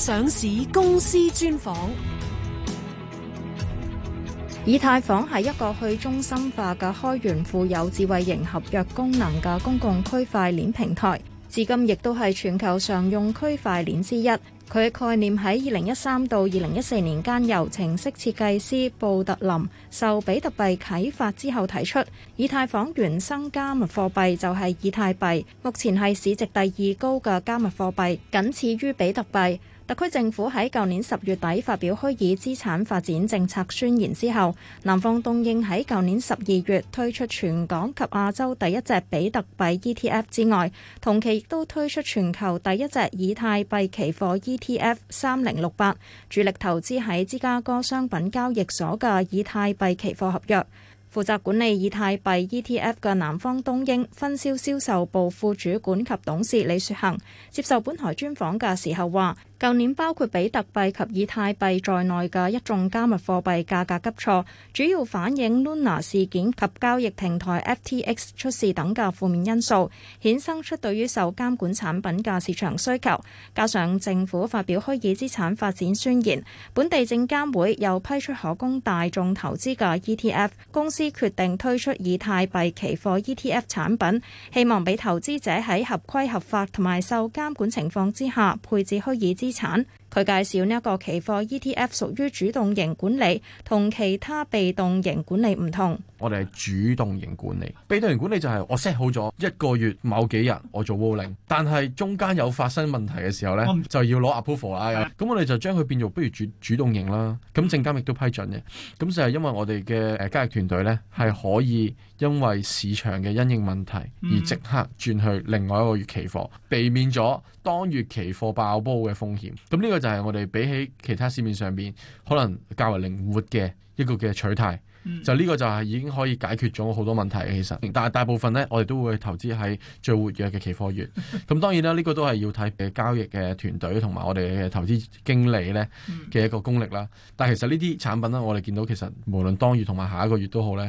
上市公司專訪，以太坊係一個去中心化嘅開源富有智慧型合約功能嘅公共區塊鏈平台，至今亦都係全球常用區塊鏈之一。佢嘅概念喺二零一三到二零一四年間，由程式設計師布特林受比特幣啟發之後提出。以太坊原生加密貨幣就係以太幣，目前係市值第二高嘅加密貨幣，僅次於比特幣。特區政府喺舊年十月底發表虛擬資產發展政策宣言之後，南方東英喺舊年十二月推出全港及亞洲第一隻比特幣 ETF 之外，同期亦都推出全球第一隻以太幣期貨。ETF 3068主力投資喺芝加哥商品交易所嘅以太幣期貨合約，負責管理以太幣 ETF 嘅南方東英分銷銷售部副主管及董事李雪恒接受本台專訪嘅時候話。舊年包括比特幣及以太幣在內嘅一眾加密貨幣價格急挫，主要反映 Luna 事件及交易平台 FTX 出事等嘅負面因素，衍生出對於受監管產品嘅市場需求。加上政府發表虛擬資產發展宣言，本地證監會又批出可供大眾投資嘅 ETF，公司決定推出以太幣期貨 ETF 產品，希望俾投資者喺合規合法同埋受監管情況之下配置虛擬資資產。佢介紹呢一個期貨 ETF 屬於主動型管理，同其他被動型管理唔同。我哋係主動型管理，被動型管理就係我 set 好咗一個月某幾日我做 rolling，但係中間有發生問題嘅時候咧，就要攞 approval 啦。咁我哋就將佢變做不如主主動型啦。咁證監亦都批准嘅。咁就係因為我哋嘅誒交易團隊咧，係可以因為市場嘅因應問題而即刻轉去另外一個月期貨，避免咗當月期貨爆煲嘅風險。咁呢個。就係我哋比起其他市面上面可能較為靈活嘅一個嘅取態，嗯、就呢個就係已經可以解決咗好多問題嘅。其實，但係大部分呢，我哋都會投資喺最活躍嘅期貨月。咁 當然啦，呢、呢個都係要睇嘅交易嘅團隊同埋我哋嘅投資經理呢嘅、嗯、一個功力啦。但係其實呢啲產品呢，我哋見到其實無論當月同埋下一個月都好呢，誒、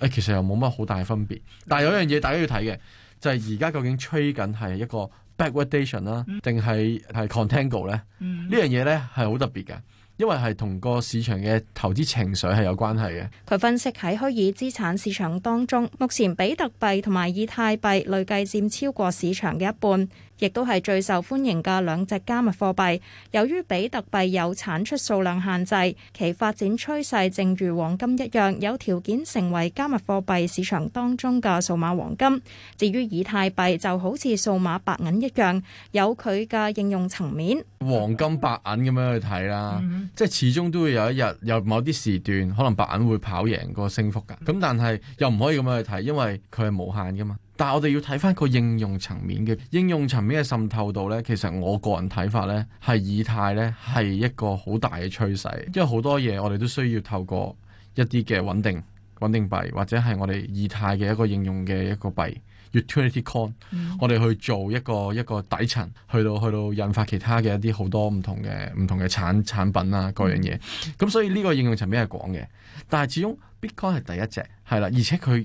哎，其實又冇乜好大分別。但係有一樣嘢大家要睇嘅就係而家究竟 trade 緊係一個 backwardation 啦，定係係 contango 呢？嗯呢樣嘢咧係好特別嘅，因為係同個市場嘅投資情緒係有關係嘅。佢分析喺虛擬資產市場當中，目前比特幣同埋以太幣累計佔超過市場嘅一半。亦都係最受歡迎嘅兩隻加密貨幣。由於比特幣有產出數量限制，其發展趨勢正如黃金一樣，有條件成為加密貨幣市場當中嘅數碼黃金。至於以太幣就好似數碼白銀一樣，有佢嘅應用層面。黃金白銀咁樣去睇啦，嗯、即係始終都會有一日有某啲時段，可能白銀會跑贏個升幅㗎。咁但係又唔可以咁樣去睇，因為佢係無限㗎嘛。但係我哋要睇翻個應用層面嘅，應用層面嘅滲透度呢，其實我個人睇法呢，係以太呢係一個好大嘅趨勢，因為好多嘢我哋都需要透過一啲嘅穩定穩定幣或者係我哋以太嘅一個應用嘅一個幣，Utility Coin 我哋去做一個一個底層，去到去到引發其他嘅一啲好多唔同嘅唔同嘅產產品啊各樣嘢。咁所以呢個應用層面係廣嘅，但係始終 Bitcoin 係第一隻係啦，而且佢。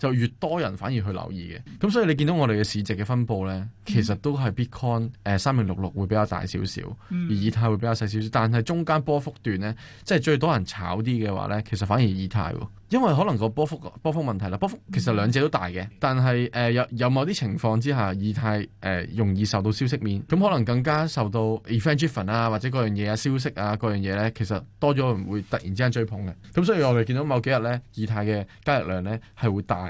就越多人反而去留意嘅，咁所以你見到我哋嘅市值嘅分布咧，其實都係 Bitcoin 誒、呃、三零六六會比較大少少，而以太會比較細少少。但係中間波幅段咧，即係最多人炒啲嘅話咧，其實反而以太，因為可能個波幅波幅問題啦，波幅其實兩者都大嘅，但係誒有有某啲情況之下，以太誒、呃、容易受到消息面，咁可能更加受到 event driven 啊或者嗰樣嘢啊消息啊嗰樣嘢咧，其實多咗人會突然之間追捧嘅。咁所以我哋見到某幾日咧，以太嘅交易量咧係會大。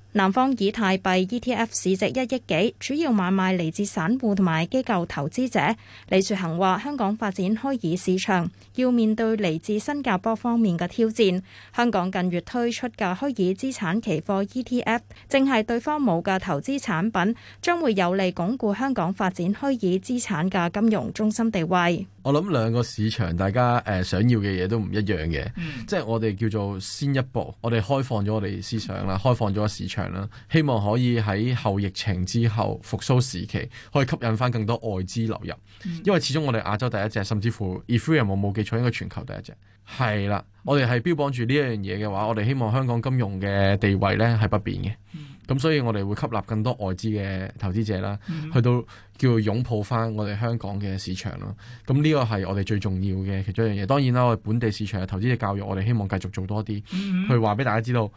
南方以太幣 ETF 市值一億幾，主要買賣嚟自散戶同埋機構投資者。李雪恒話：香港發展虛擬市場，要面對嚟自新加坡方面嘅挑戰。香港近月推出嘅虛擬資產期貨 ETF，正係對方冇嘅投資產品，將會有利鞏固香港發展虛擬資產嘅金融中心地位。我諗兩個市場，大家誒想要嘅嘢都唔一樣嘅，嗯、即係我哋叫做先一步，我哋開放咗我哋思想啦，開放咗市場。啦，希望可以喺後疫情之後復蘇時期，可以吸引翻更多外資流入，嗯、因為始終我哋亞洲第一隻，甚至乎 if anyone 冇記錯，應該全球第一隻，係啦。我哋係標榜住呢一樣嘢嘅話，我哋希望香港金融嘅地位咧係不變嘅，咁、嗯、所以我哋會吸納更多外資嘅投資者啦，嗯、去到叫擁抱翻我哋香港嘅市場咯。咁呢個係我哋最重要嘅其中一樣嘢。當然啦，我哋本地市場嘅投資者教育，我哋希望繼續做多啲，去話俾大家知道。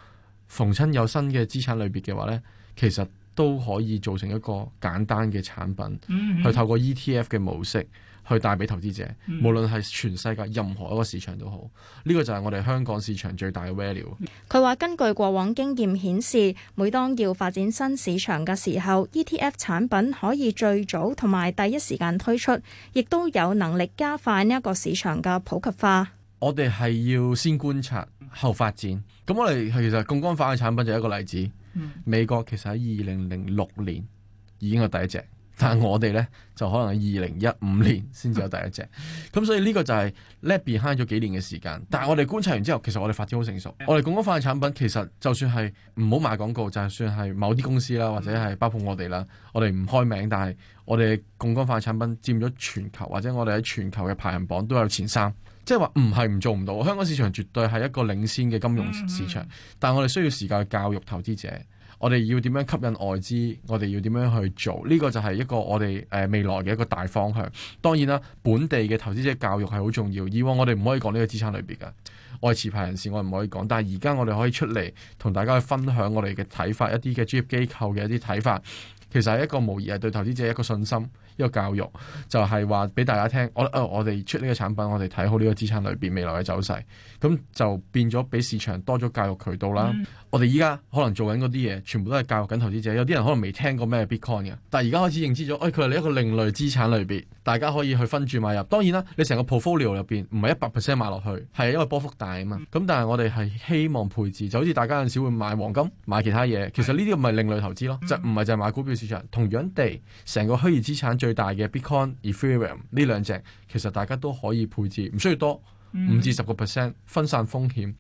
逢親有新嘅資產類別嘅話呢，其實都可以做成一個簡單嘅產品，mm hmm. 去透過 ETF 嘅模式去帶俾投資者，mm hmm. 無論係全世界任何一個市場都好。呢、這個就係我哋香港市場最大嘅 value。佢話：根據過往經驗顯示，每當要發展新市場嘅時候，ETF 產品可以最早同埋第一時間推出，亦都有能力加快呢一個市場嘅普及化。我哋係要先觀察後發展。咁我哋其實槓桿化嘅產品就一個例子，嗯、美國其實喺二零零六年已經係第一隻，但係我哋呢就可能喺二零一五年先至有第一隻，咁、嗯、所以呢個就係 let 慳咗幾年嘅時間。但係我哋觀察完之後，其實我哋發展好成熟，嗯、我哋槓桿化嘅產品其實就算係唔好賣廣告，就算係某啲公司啦，或者係包括我哋啦，我哋唔開名，但係我哋槓桿化嘅產品佔咗全球，或者我哋喺全球嘅排行榜都有前三。即係話唔係唔做唔到，香港市場絕對係一個領先嘅金融市場，但係我哋需要時間教，教育投資者，我哋要點樣吸引外資，我哋要點樣去做，呢、這個就係一個我哋誒未來嘅一個大方向。當然啦，本地嘅投資者教育係好重要，以往我哋唔可以講呢個資產類別嘅。我係持牌人士，我唔可以講，但係而家我哋可以出嚟同大家去分享我哋嘅睇法，一啲嘅專業機構嘅一啲睇法，其實係一個無疑係對投資者一個信心，一個教育，就係話俾大家聽，我、哦、我哋出呢個產品，我哋睇好呢個資產類別未來嘅走勢，咁就變咗比市場多咗教育渠道啦。嗯、我哋依家可能做緊嗰啲嘢，全部都係教育緊投資者，有啲人可能未聽過咩 Bitcoin 嘅，但係而家開始認知咗，哎佢係一個另類資產類別，大家可以去分注買入。當然啦，你成個 portfolio 入邊唔係一百 percent 買落去，係因為波幅大啊嘛，咁但係我哋係希望配置，就好似大家有陣時會買黃金買其他嘢，其實呢啲唔係另類投資咯，就唔係就係買股票市場同樣地，成個虛擬資產最大嘅 Bitcoin、Ethereum 呢兩隻，其實大家都可以配置，唔需要，多五至十個 percent 分散風險。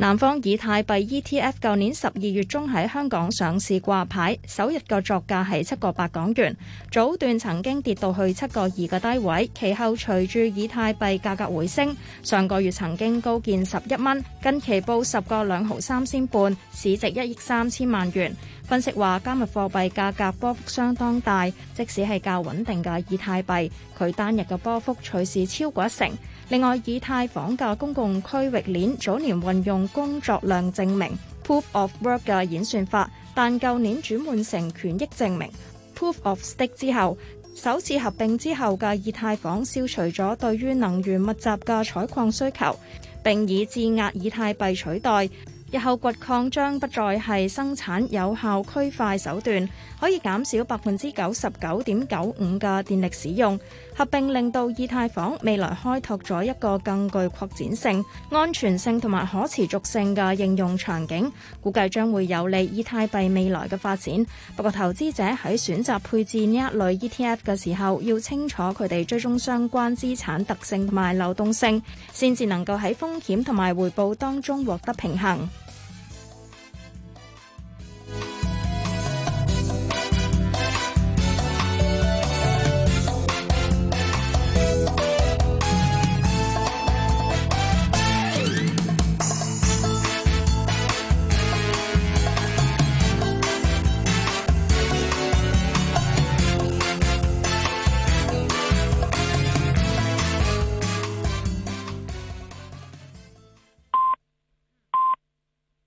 南方以太幣 ETF 舊年十二月中喺香港上市掛牌，首日個作價係七個八港元，早段曾經跌到去七個二嘅低位，其後隨住以太幣價格回升，上個月曾經高見十一蚊，近期報十個兩毫三仙半，35，市值一億三千萬元。分析話加密貨幣價格波幅相當大，即使係較穩定嘅以太幣，佢單日嘅波幅隨時超過一成。另外，以太坊嘅公共區域鏈早年運用工作量證明 （proof of work） 嘅演算法，但舊年轉換成權益證明 （proof of s t i c k 之後，首次合併之後嘅以太坊消除咗對於能源密集嘅採礦需求，並以質押以太幣取代。日後掘礦將不再係生產有效區塊手段，可以減少百分之九十九點九五嘅電力使用。合併令到以太坊未來開拓咗一個更具擴展性、安全性同埋可持續性嘅應用場景，估計將會有利以太幣未來嘅發展。不過，投資者喺選擇配置呢一類 ETF 嘅時候，要清楚佢哋追蹤相關資產特性同埋流動性，先至能夠喺風險同埋回報當中獲得平衡。